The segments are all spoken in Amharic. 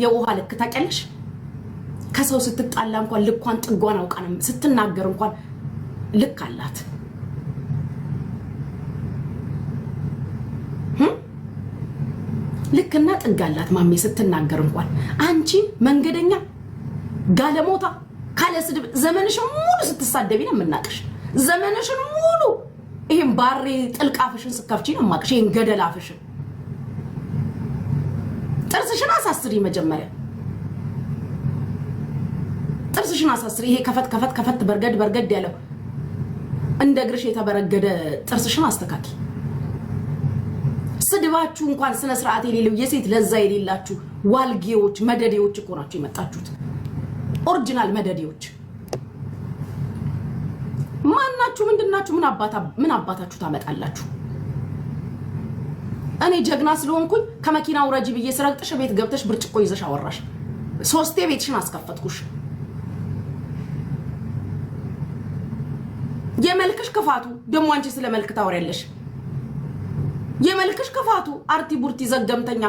የውሃ ልክ ታውቂያለሽ። ከሰው ስትጣላ እንኳን ልኳን ጥጓን አውቃንም ስትናገር እንኳን ልክ አላት። ልክና ጥግ አላት ማሜ ስትናገር እንኳን። አንቺ መንገደኛ ጋለሞታ ካለ ስድብ ዘመንሽን ሙሉ ስትሳደቢ ነው የምናቅሽ። ዘመንሽን ሙሉ ይህን ባሬ ጥልቅ አፍሽን ስከፍቺ ነው የማቅሽ። ይህን ገደል አፍሽን ጥርስሽን አሳስሪ መጀመሪያ ጥርስሽን አሳስሪ። ይሄ ከፈት ከፈት ከፈት በርገድ በርገድ ያለው እንደ እግርሽ የተበረገደ ጥርስሽን አስተካኪ። ስድባችሁ እንኳን ስነ ስርዓት የሌለው የሴት ለዛ የሌላችሁ ዋልጌዎች፣ መደዴዎች እኮ ናችሁ የመጣችሁት። ኦሪጂናል መደዴዎች ማናችሁ? ምንድናችሁ? ምን አባታችሁ ታመጣላችሁ? እኔ ጀግና ስለሆንኩኝ ከመኪና ውረጅ ብዬ ስረግጥሽ ቤት ገብተሽ ብርጭቆ ይዘሽ አወራሽ። ሶስቴ ቤትሽን አስከፈትኩሽ። የመልክሽ ክፋቱ ደሞ አንቺ ስለ መልክ ታወሪያለሽ። የመልክሽ ክፋቱ አርቲ ቡርቲ ዘገምተኛ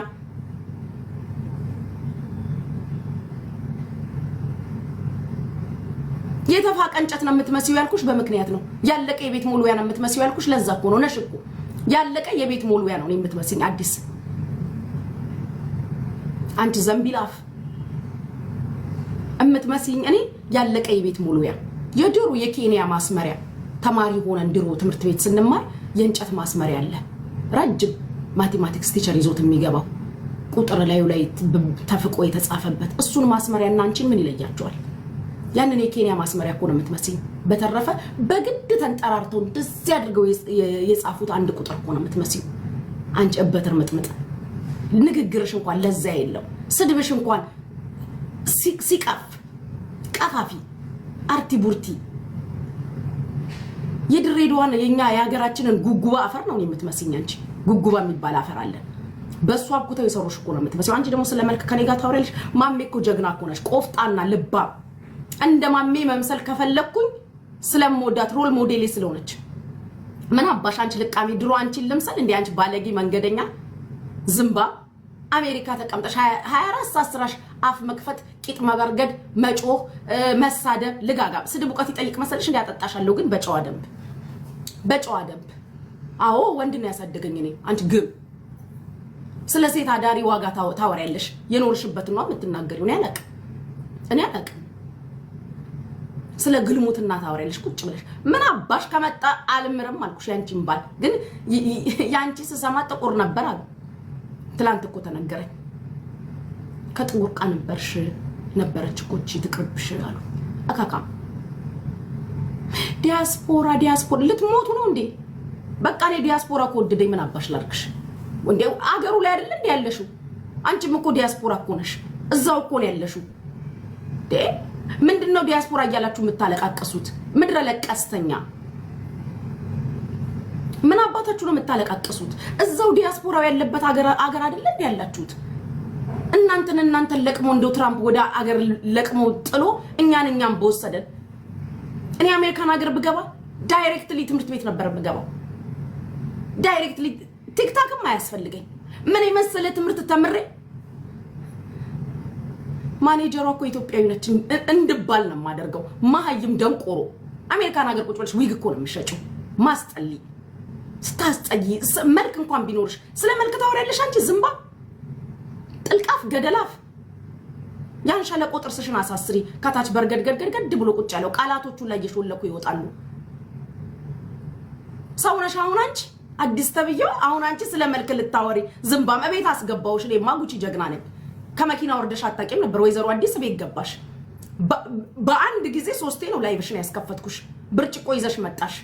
የተፋቀ እንጨት ነው የምትመስዩ ያልኩሽ በምክንያት ነው። ያለቀ የቤት ሙሉ ያን የምትመስዩ ያልኩሽ ለዛ እኮ ነው ነሽ እኮ ያለቀ የቤት ሞልቢያ ነው የምትመስኝ። አዲስ አንቺ ዘንቢላፍ የምትመስኝ እኔ ያለቀ የቤት ሞልቢያ፣ የድሮ የኬንያ ማስመሪያ። ተማሪ ሆነን ድሮ ትምህርት ቤት ስንማር የእንጨት ማስመሪያ አለ ረጅም ማቴማቲክስ ቲቸር ይዞት የሚገባው ቁጥር ላዩ ላይ ተፍቆ የተጻፈበት እሱን ማስመሪያ እና አንቺን ምን ይለያቸዋል? ያንን የኬንያ ማስመሪያ እኮ ነው የምትመስኝ። በተረፈ በግድ ተንጠራርተው ደስ አድርገው የጻፉት አንድ ቁጥር እኮ ነው የምትመስኝ። አንቺ እበትር ምጥምጥ ንግግርሽ እንኳን ለዛ የለው፣ ስድብሽ እንኳን ሲቀፍ ቀፋፊ አርቲ ቡርቲ የድሬዳዋን የኛ የሀገራችንን ጉጉባ አፈር ነው የምትመስኝ አንቺ። ጉጉባ የሚባል አፈር አለ በእሱ አብኩተው የሰሩሽ እኮ ነው የምትመስለው። አንቺ ደግሞ ስለ መልክ ከኔ ጋር ማሜ እኮ ጀግና እኮ ነሽ፣ ቆፍጣና ልባ እንደ ማሜ መምሰል ከፈለግኩኝ ስለምወዳት ሮል ሞዴሌ ስለሆነች ምን አባሽ አንቺ ልቃሚ ድሮ አንቺን ልምሰል እንዴ? አንቺ ባለጌ መንገደኛ ዝምባ አሜሪካ ተቀምጠሽ 24 ሰዓት ስራሽ አፍ መክፈት፣ ቂጥ መበርገድ፣ መጮህ፣ መሳደብ፣ ልጋጋም። ስድብ እውቀት ይጠይቅ መሰለሽ? እንዲ ያጠጣሻለሁ። ግን በጨዋ ደንብ በጨዋ ደንብ። አዎ ወንድ ነው ያሳደገኝ እኔ። አንቺ ግብ ስለ ሴት አዳሪ ዋጋ ታወሪያለሽ። የኖርሽበት ነው የምትናገሪው። እኔ አላቅም እኔ አላቅም ስለ ግልሙትና ታወሪያለሽ ቁጭ ብለሽ ምን አባሽ ከመጣ አልምርም አልኩሽ። ያንቺን ባል ግን ያንቺ ስሰማ ጥቁር ነበር አሉ። ትላንት እኮ ተነገረኝ። ከጥቁር ዕቃ ነበርሽ ነበረች እኮ ትቅርብሽ አሉ። አካካም ዲያስፖራ ዲያስፖራ ልትሞቱ ነው እንዴ? በቃ እኔ ዲያስፖራ ከወደደኝ ምን አባሽ ላርክሽ? እንዴ አገሩ ላይ አይደለ እንዴ ያለሽው? አንቺም እኮ ዲያስፖራ እኮ ነሽ፣ እዛው እኮ ነው ያለሽው። ምንድን ነው ዲያስፖራ እያላችሁ የምታለቃቀሱት? ምድረ ለቀስተኛ ምን አባታችሁ ነው የምታለቃቀሱት? እዛው ዲያስፖራው ያለበት አገር አይደለ እንዲ ያላችሁት? እናንተን እናንተን ለቅሞ እንደው ትራምፕ ወደ አገር ለቅሞ ጥሎ እኛን እኛን በወሰደን። እኔ አሜሪካን ሀገር ብገባ ዳይሬክትሊ ትምህርት ቤት ነበር ብገባው። ዳይሬክትሊ ቲክታክም አያስፈልገኝ ምን የመሰለ ትምህርት ተምሬ ማኔጀሯ እኮ ኢትዮጵያዊ ነች እንድባል ነው የማደርገው። መሀይም ደንቆሮ አሜሪካን ሀገር ቁጭ ብለሽ ዊግ እኮ ነው የሚሸጪው። ማስጠሊ ስታስጠይ መልክ እንኳን ቢኖርሽ ስለ መልክ ታወሪያለሽ አንቺ ዝምባ ጥልቃፍ ገደላፍ። ያን ሸለቆ ጥርስሽን አሳስሪ ከታች በርገድገድገድገድ ብሎ ቁጭ ያለው ቃላቶቹ ላይ እየሾለኩ ይወጣሉ። ሰውነሽ አሁን አንቺ አዲስ ተብዬው አሁን አንቺ ስለ መልክ ልታወሪ ዝምባም እቤት አስገባውሽ። እኔማ ጉቺ ጀግና ነኝ። ከመኪና ወርደሽ አታውቂም ነበር። ወይዘሮ አዲስ ቤት ገባሽ። በአንድ ጊዜ ሶስቴ ነው ላይብሽን ያስከፈትኩሽ። ብርጭቆ ይዘሽ መጣሽ።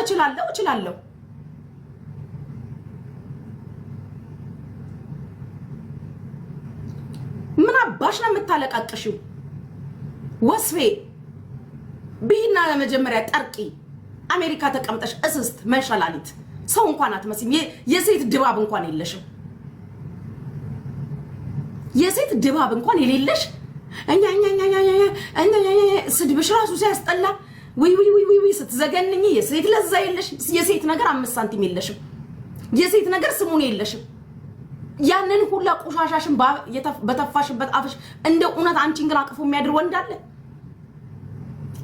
እችላለሁ እችላለሁ ምን አባሽ ነው የምታለቃቅሽው? ወስፌ ብይና ለመጀመሪያ ጠርቂ። አሜሪካ ተቀምጠሽ እስስት መንሸላሊት ሰው እንኳን አትመስም። የሴት ድባብ እንኳን የለሽም። የሴት ድባብ እንኳን የሌለሽ ስድብሽ ራሱ ሲያስጠላ ውይ ውይ ውይ ውይ ስትዘገንኝ የሴት ለዛ የለሽ። የሴት ነገር አምስት ሳንቲም የለሽም። የሴት ነገር ስሙን የለሽም። ያንን ሁላ ቆሻሻሽን በተፋሽበት አፍሽ እንደ እውነት አንቺን ግን አቅፎ የሚያድር ወንድ አለ?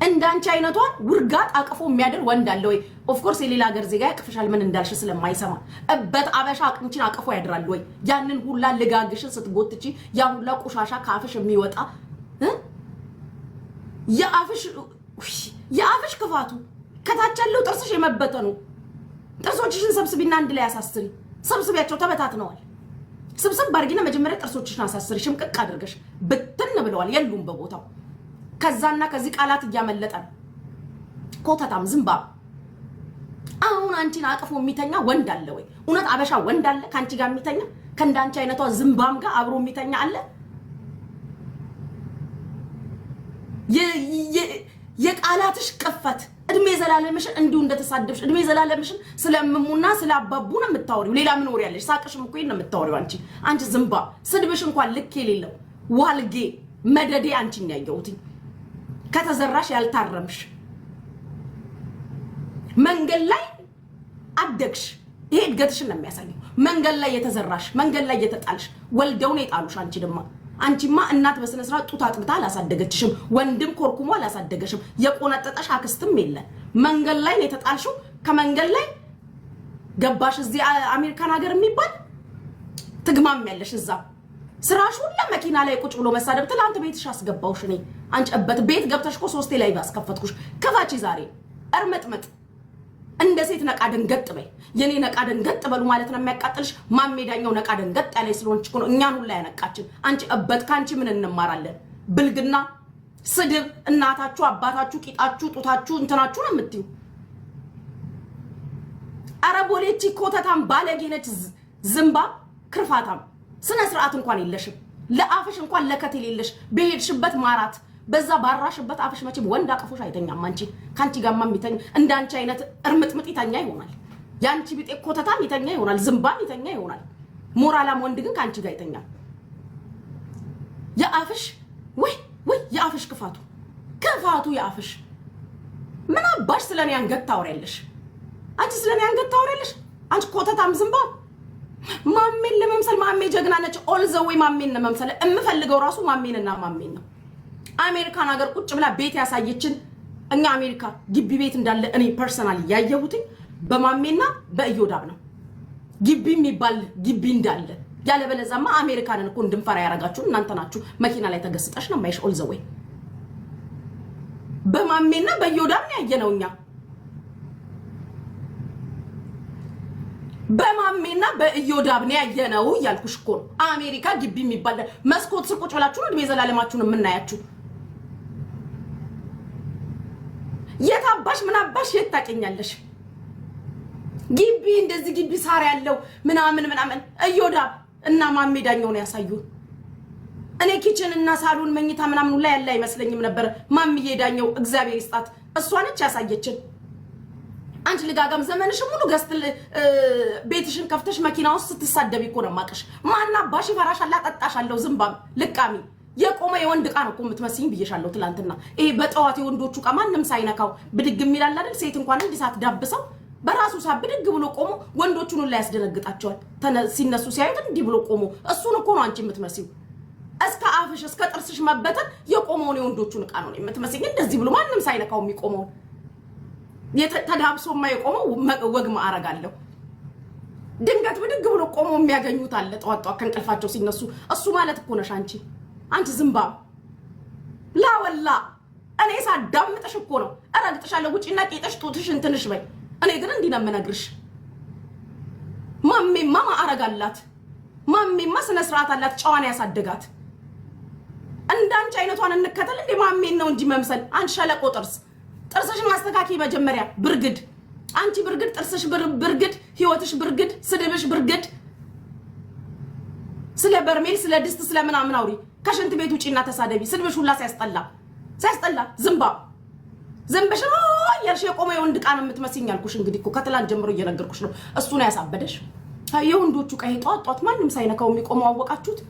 እንዳንቺ አይነቷን ውርጋት አቅፎ የሚያድር ወንድ አለ ወይ? ኦፍኮርስ የሌላ ሀገር ዜጋ ያቅፍሻል፣ ምን እንዳልሽ ስለማይሰማ እበት አበሻ አቅንቺን አቅፎ ያድራል ወይ? ያንን ሁላ ልጋግሽን ስትጎትቺ ያ ሁላ ቆሻሻ ከአፍሽ የሚወጣ የአፍሽ የአፍሽ ክፋቱ ከታች ያለው ጥርስሽ የመበተኑ ጥርሶችሽን ሰብስቢና አንድ ላይ አሳስሪ። ሰብስቢያቸው ተበታትነዋል። ስብስብ ባርጊና መጀመሪያ ጥርሶችሽን አሳስሪ። ሽምቅቅ አድርገሽ ብትን ብለዋል፣ የሉም በቦታው ከዛና ከዚህ ቃላት እያመለጠ ነው። ኮተታም ዝምባብ አሁን አንቺን አቅፎ የሚተኛ ወንድ አለ ወይ? እውነት አበሻ ወንድ አለ ከአንቺ ጋር የሚተኛ ከእንዳንቺ አይነቷ ዝምባም ጋር አብሮ የሚተኛ አለ? የቃላትሽ ቅፈት እድሜ ዘላለምሽን እንዲሁ እንደተሳደብሽ እድሜ ዘላለምሽን ስለምሙና ስለአባቡ ነው የምታወሪው። ሌላ ምን ወሬ ያለሽ? ሳቅሽም እኮ ነው የምታወሪው። አንቺ አንቺ ዝምባ ስድብሽ እንኳን ልክ የሌለው ዋልጌ መደዴ አንቺን ያየሁትኝ ከተዘራሽ ያልታረምሽ መንገድ ላይ አደግሽ። ይሄ እድገትሽን ነው የሚያሳየው። መንገድ ላይ የተዘራሽ፣ መንገድ ላይ የተጣልሽ፣ ወልደውን የጣሉሽ። አንቺ ድማ አንቺማ እናት በስነ ስርዓት ጡት አጥብታ አላሳደገችሽም። ወንድም ኮርኩሞ አላሳደገሽም። የቆነጠጠሽ አክስትም የለ። መንገድ ላይ ነው የተጣልሽው። ከመንገድ ላይ ገባሽ እዚህ አሜሪካን ሀገር የሚባል ትግማም ያለሽ እዛ ስራሽ ሁላ መኪና ላይ ቁጭ ብሎ መሳደብ። ትላንት ቤትሽ አስገባውሽ እኔ አንጨበት ቤት ገብተሽ እኮ ሶስቴ ላይ ባስከፈትኩሽ። ከፋቺ ዛሬ እርመጥመጥ እንደ ሴት ነቃ ደንገጥ በይ። የኔ ነቃ ደንገጥ በሉ ማለት ነው የሚያቃጥልሽ። ማሜዳኛው ነቃ ደንገጥ ያለች ስለሆንች እኮ ነው እኛን ሁላ ያነቃችን። አንቺ እበት ከአንቺ ምን እንማራለን? ብልግና፣ ስድብ፣ እናታችሁ፣ አባታችሁ፣ ቂጣችሁ፣ ጡታችሁ፣ እንትናችሁ ነው የምትዩ። ኧረ ቦሌቺ ኮተታም ባለጌ ዝምባ ክርፋታም፣ ስነ ስርዓት እንኳን የለሽም። ለአፍሽ እንኳን ለከት የሌለሽ በሄድሽበት ማራት በዛ ባራሽበት አፍሽ መቼም ወንድ አቅፎሽ አይተኛም። አንቺ ከአንቺ ጋማ የሚተኝ እንደ አንቺ አይነት እርምጥምጥ ይተኛ ይሆናል። የአንቺ ቢጤ ኮተታም ይተኛ ይሆናል። ዝምባም ይተኛ ይሆናል። ሞራላም ወንድ ግን ከአንቺ ጋር ይተኛል። የአፍሽ ወይ ወይ የአፍሽ ክፋቱ ክፋቱ የአፍሽ ምን አባሽ ስለኔ አንገት ታወሪያለሽ? አንቺ ስለኔ አንገት ታወሪያለሽ? አንቺ ኮተታም ዝምባ ማሜን ለመምሰል ማሜ ጀግና ነች። ኦል ዘዌይ ማሜን ለመምሰል የምፈልገው ራሱ ማሜንና ማሜን ነው። አሜሪካን ሀገር ቁጭ ብላ ቤት ያሳየችን እኛ አሜሪካ ግቢ ቤት እንዳለ እኔ ፐርሰናል ያየሁትኝ በማሜና በእዮዳብ ነው። ግቢ የሚባል ግቢ እንዳለ ያለበለዛማ አሜሪካንን እኮ እንድንፈራ ያደረጋችሁን እናንተ ናችሁ። መኪና ላይ ተገስጠሽ ነው ማይሽ ኦል ዘወይ በማሜና በእዮዳብ ነው ያየነው እኛ በማሜና በእዮዳብ ነው ያየነው እያልኩሽ እኮ ነው። አሜሪካ ግቢ የሚባል መስኮት ስር ቁጭ ብላችሁ እድሜ ዘላለማችሁን የምናያችሁ የት አባሽ ምን አባሽ የት ታውቂኛለሽ? ግቢ እንደዚህ ግቢ ሳር ያለው ምናምን ምናምን እዮዳ እና ማሜ ዳኛው ነው ያሳዩ። እኔ ኪችን እና ሳሉን መኝታ ምናምኑ ላይ ያለ አይመስለኝም ነበር። ማምዬ ዳኛው እግዚአብሔር ይስጣት፣ እሷ ነች ያሳየችን። አንቺ ልጋጋም ዘመንሽ ሙሉ ገዝት ቤትሽን ከፍተሽ መኪና ውስጥ ስትሳደቢ እኮ ነው የማውቅሽ። ማናባሽ ይፈራሻል። አጠጣሻለሁ ዝምባም ልቃሚ የቆመ የወንድ ዕቃ ነው እኮ የምትመስኝ ብዬሻለሁ። ትላንትና ይሄ በጠዋት የወንዶቹ ዕቃ ማንም ሳይነካው ብድግ የሚላል አይደል? ሴት እንኳን እንዲህ ዳብሰው በራሱ ሳ ብድግ ብሎ ቆሞ ወንዶቹን ላይ ያስደነግጣቸዋል። ሲነሱ ሲያዩት እንዲህ ብሎ ቆሞ እሱን እኮ ነው አንቺ የምትመስኝ። እስከ አፍሽ እስከ ጥርስሽ መበተን የቆመውን የወንዶቹን ዕቃ ነው የምትመስኝ። እንደዚህ ብሎ ማንም ሳይነካው የሚቆመውን ተዳብሶማ የቆመው ወግ ማዕረግ አለው። ድንገት ብድግ ብሎ ቆሞ የሚያገኙት አለ። ጠዋት ጠዋት ከእንቅልፋቸው ሲነሱ እሱ ማለት እኮ ነሽ አንቺ። አንቺ ዝምባም ላወላ እኔ ሳዳምጥሽ እኮ ነው። እረግጥሻለሁ። ውጪና ቄጠሽ ጡትሽ እንትንሽ በይ። እኔ ግን እንዲህ ነው የምነግርሽ። ማሜማ ማዕረግ አላት። ማሜማ ስነ ስርዓት አላት። ጨዋን ያሳደጋት እንዳንቺ አይነቷን እንከተል እንዴ? ማሜን ነው እንጂ መምሰል። አንቺ ሸለቆ ጥርስ ጥርስሽን ማስተካከይ መጀመሪያ። ብርግድ አንቺ ብርግድ፣ ጥርስሽ ብርግድ፣ ህይወትሽ ብርግድ፣ ስድብሽ ብርግድ። ስለ በርሜል ስለ ድስት ስለ ምናምን አውሪ ከሽንት ቤት ውጪና ተሳደቢ። ስድብሽ ሁላ ሲያስጠላ ሲያስጠላ ዝምባ ዘንበሽ እያልሽ የቆመ የወንድ ዕቃ ነው የምትመስይኝ አልኩሽ። እንግዲህ እኮ ከትላንት ጀምሮ እየነገርኩሽ ነው። እሱ ነው ያሳበደሽ። የወንዶቹ ቀይ ጧት ጧት ማንም ሳይነካው የሚቆመው አወቃችሁት።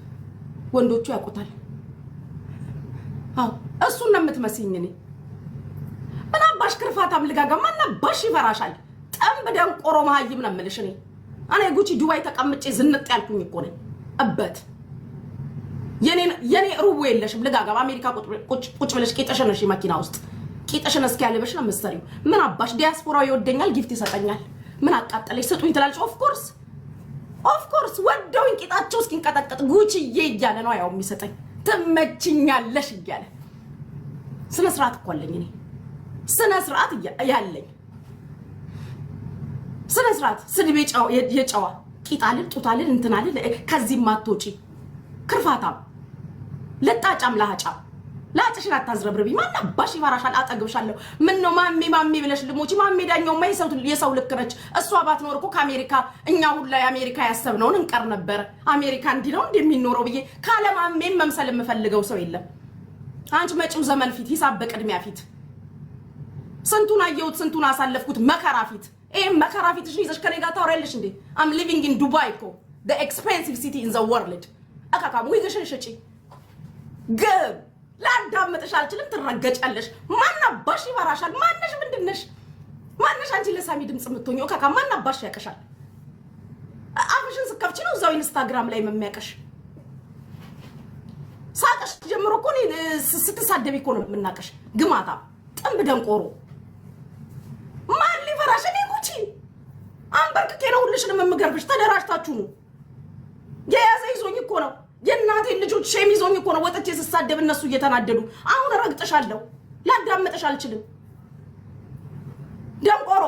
ወንዶቹ ያውቁታል። አዎ እሱን ነው የምትመስኝ እኔ ምን አባሽ ክርፋታ ምልጋጋ ማን አባሽ ይፈራሻል? ጠምብ ደንቆሮ መሀይም ነው የምልሽ እኔ። እኔ ጉቺ ዱባይ ተቀምጬ ዝንጥ ያልኩኝ እኮ ነኝ እበት የኔ ሩቦ የለሽም። ልጋጋ በአሜሪካ ቁጭ ብለሽ ቂጠሽነሽ መኪና ውስጥ ቂጠሽን እስኪያልበሽ ነው የምትሰሪው። ምን አባሽ ዲያስፖራው ይወደኛል፣ ጊፍት ይሰጠኛል፣ ምን አቃጠለሽ ስጡኝ ትላለች። ኦፍኮርስ ኦፍኮርስ ወደውኝ ቂጣቸው እስኪንቀጠቀጥ ጉችዬ እያለ ነው ያው የሚሰጠኝ። ትመችኛለሽ እያለ ስነ ስርዓት እኮ አለኝ እኔ ስነ ስርዓት ያለኝ ስነ ስርዓት ስድብ የጨዋ ቂጣልን ጡታልን እንትናልን ከዚህም አትወጪ ክርፋታም ልጣጫም ላጫም ላጭሽን አታዝረብርቢ። ማን አባሽ ይፈራሻል? አጠግብሻለሁ። ምን ነው ማሚ ማሚ ብለሽ ልሞች? ማሚ ዳኛው ማይሰው የሰው ልክ ነች። እሷ ባትኖር እኮ ከአሜሪካ እኛ ሁላ የአሜሪካ ያሰብነውን እንቀር ነበር። አሜሪካ እንዲህ ነው እንደሚኖረው ብዬ ካለ ማሜን መምሰል የምፈልገው ሰው የለም። አንቺ መጪው ዘመን ፊት ሂሳብ በቅድሚያ ፊት ስንቱን አየሁት፣ ስንቱን አሳለፍኩት መከራ ፊት። ይሄን መከራ ፊትሽ ይዘሽ ከኔ ጋር ታወሪያለሽ እንዴ? አም ሊቪንግ ኢን ዱባይ እኮ ኤክስፔንሲቭ ሲቲ ኢን ዘ ወርልድ። እካካም ዊግሽን ሽጪ ግብ ላዳምጥሽ አልችልም። ትረገጫለሽ። ማናባሽ ይበራሻል። ማነሽ? ምንድነሽ? ማነሽ አንቺ ለሳሚ ድምፅ የምትሆኚው? ካካ ማናባሽ ያቀሻል። አፍሽን ስከፍች ነው እዛው ኢንስታግራም ላይ የሚያቀሽ። ሳቀሽ ጀምሮ እኮ ስትሳደቢ እኮ ነው የምናቀሽ። ግማታ ጥንብ ደንቆሮ ማን ሊፈራሽ? እኔ ጉቺ አንበርክኬ ነው ሁልሽንም የምገርብሽ። ተደራጅታችሁ ነው የያዘ ይዞኝ እኮ ነው የእናቴን ልጆች ሼም ይዞኝ እኮ ነው ወጥቼ ስሳደብ እነሱ እየተናደዱ። አሁን ረግጥሻለሁ፣ ላዳመጠሽ አልችልም። ደንቆሮ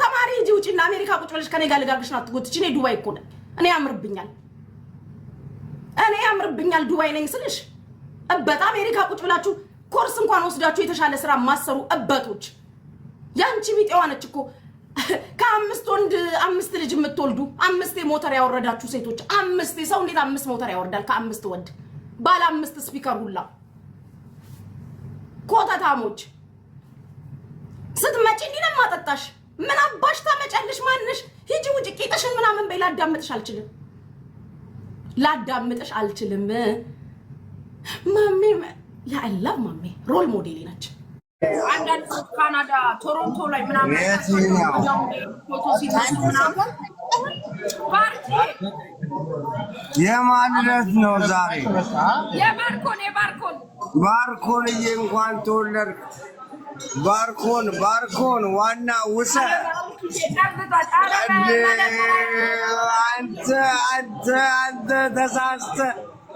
ተማሪ ሂጂ ውጪና አሜሪካ ቁጭ ብለሽ ከኔ ጋር ልጋግሽን አትጎትች። እኔ ዱባይ እኮ ነኝ። እኔ ያምርብኛል፣ እኔ ያምርብኛል። ዱባይ ነኝ ስልሽ እበት አሜሪካ ቁጭ ብላችሁ ኮርስ እንኳን ወስዳችሁ የተሻለ ስራ ማሰሩ እበቶች ያንቺ ቢጤዋ ነች እኮ ከአምስት ወንድ አምስት ልጅ የምትወልዱ አምስቴ ሞተር ያወረዳችሁ ሴቶች አምስቴ ሰው እንዴት አምስት ሞተር ያወርዳል? ከአምስት ወንድ ባለ አምስት ስፒከር ሁላ ኮተታሞች ስትመጪ እንዲህ ነው የማጠጣሽ። ምን አባሽ ታመጫለሽ? ማንሽ ሂጂ ውጭ ቂጥሽን ምናምን በይ። ላዳምጥሽ አልችልም፣ ላዳምጥሽ አልችልም። ማሜ ያአላ ማሜ ሮል ሞዴሌ ናቸው። አንዳንድ ካናዳ ቶሮንቶ ላይ ምናምን ፎቶ ሲነሱ ምናምን የማንነት ነው። ዛሬ የባርኮን የባርኮን ባርኮንዬ እንኳን ተወለድክ። ባርኮን ባርኮን ዋና ውሰ አንተ አንተ አንተ ተሳስተ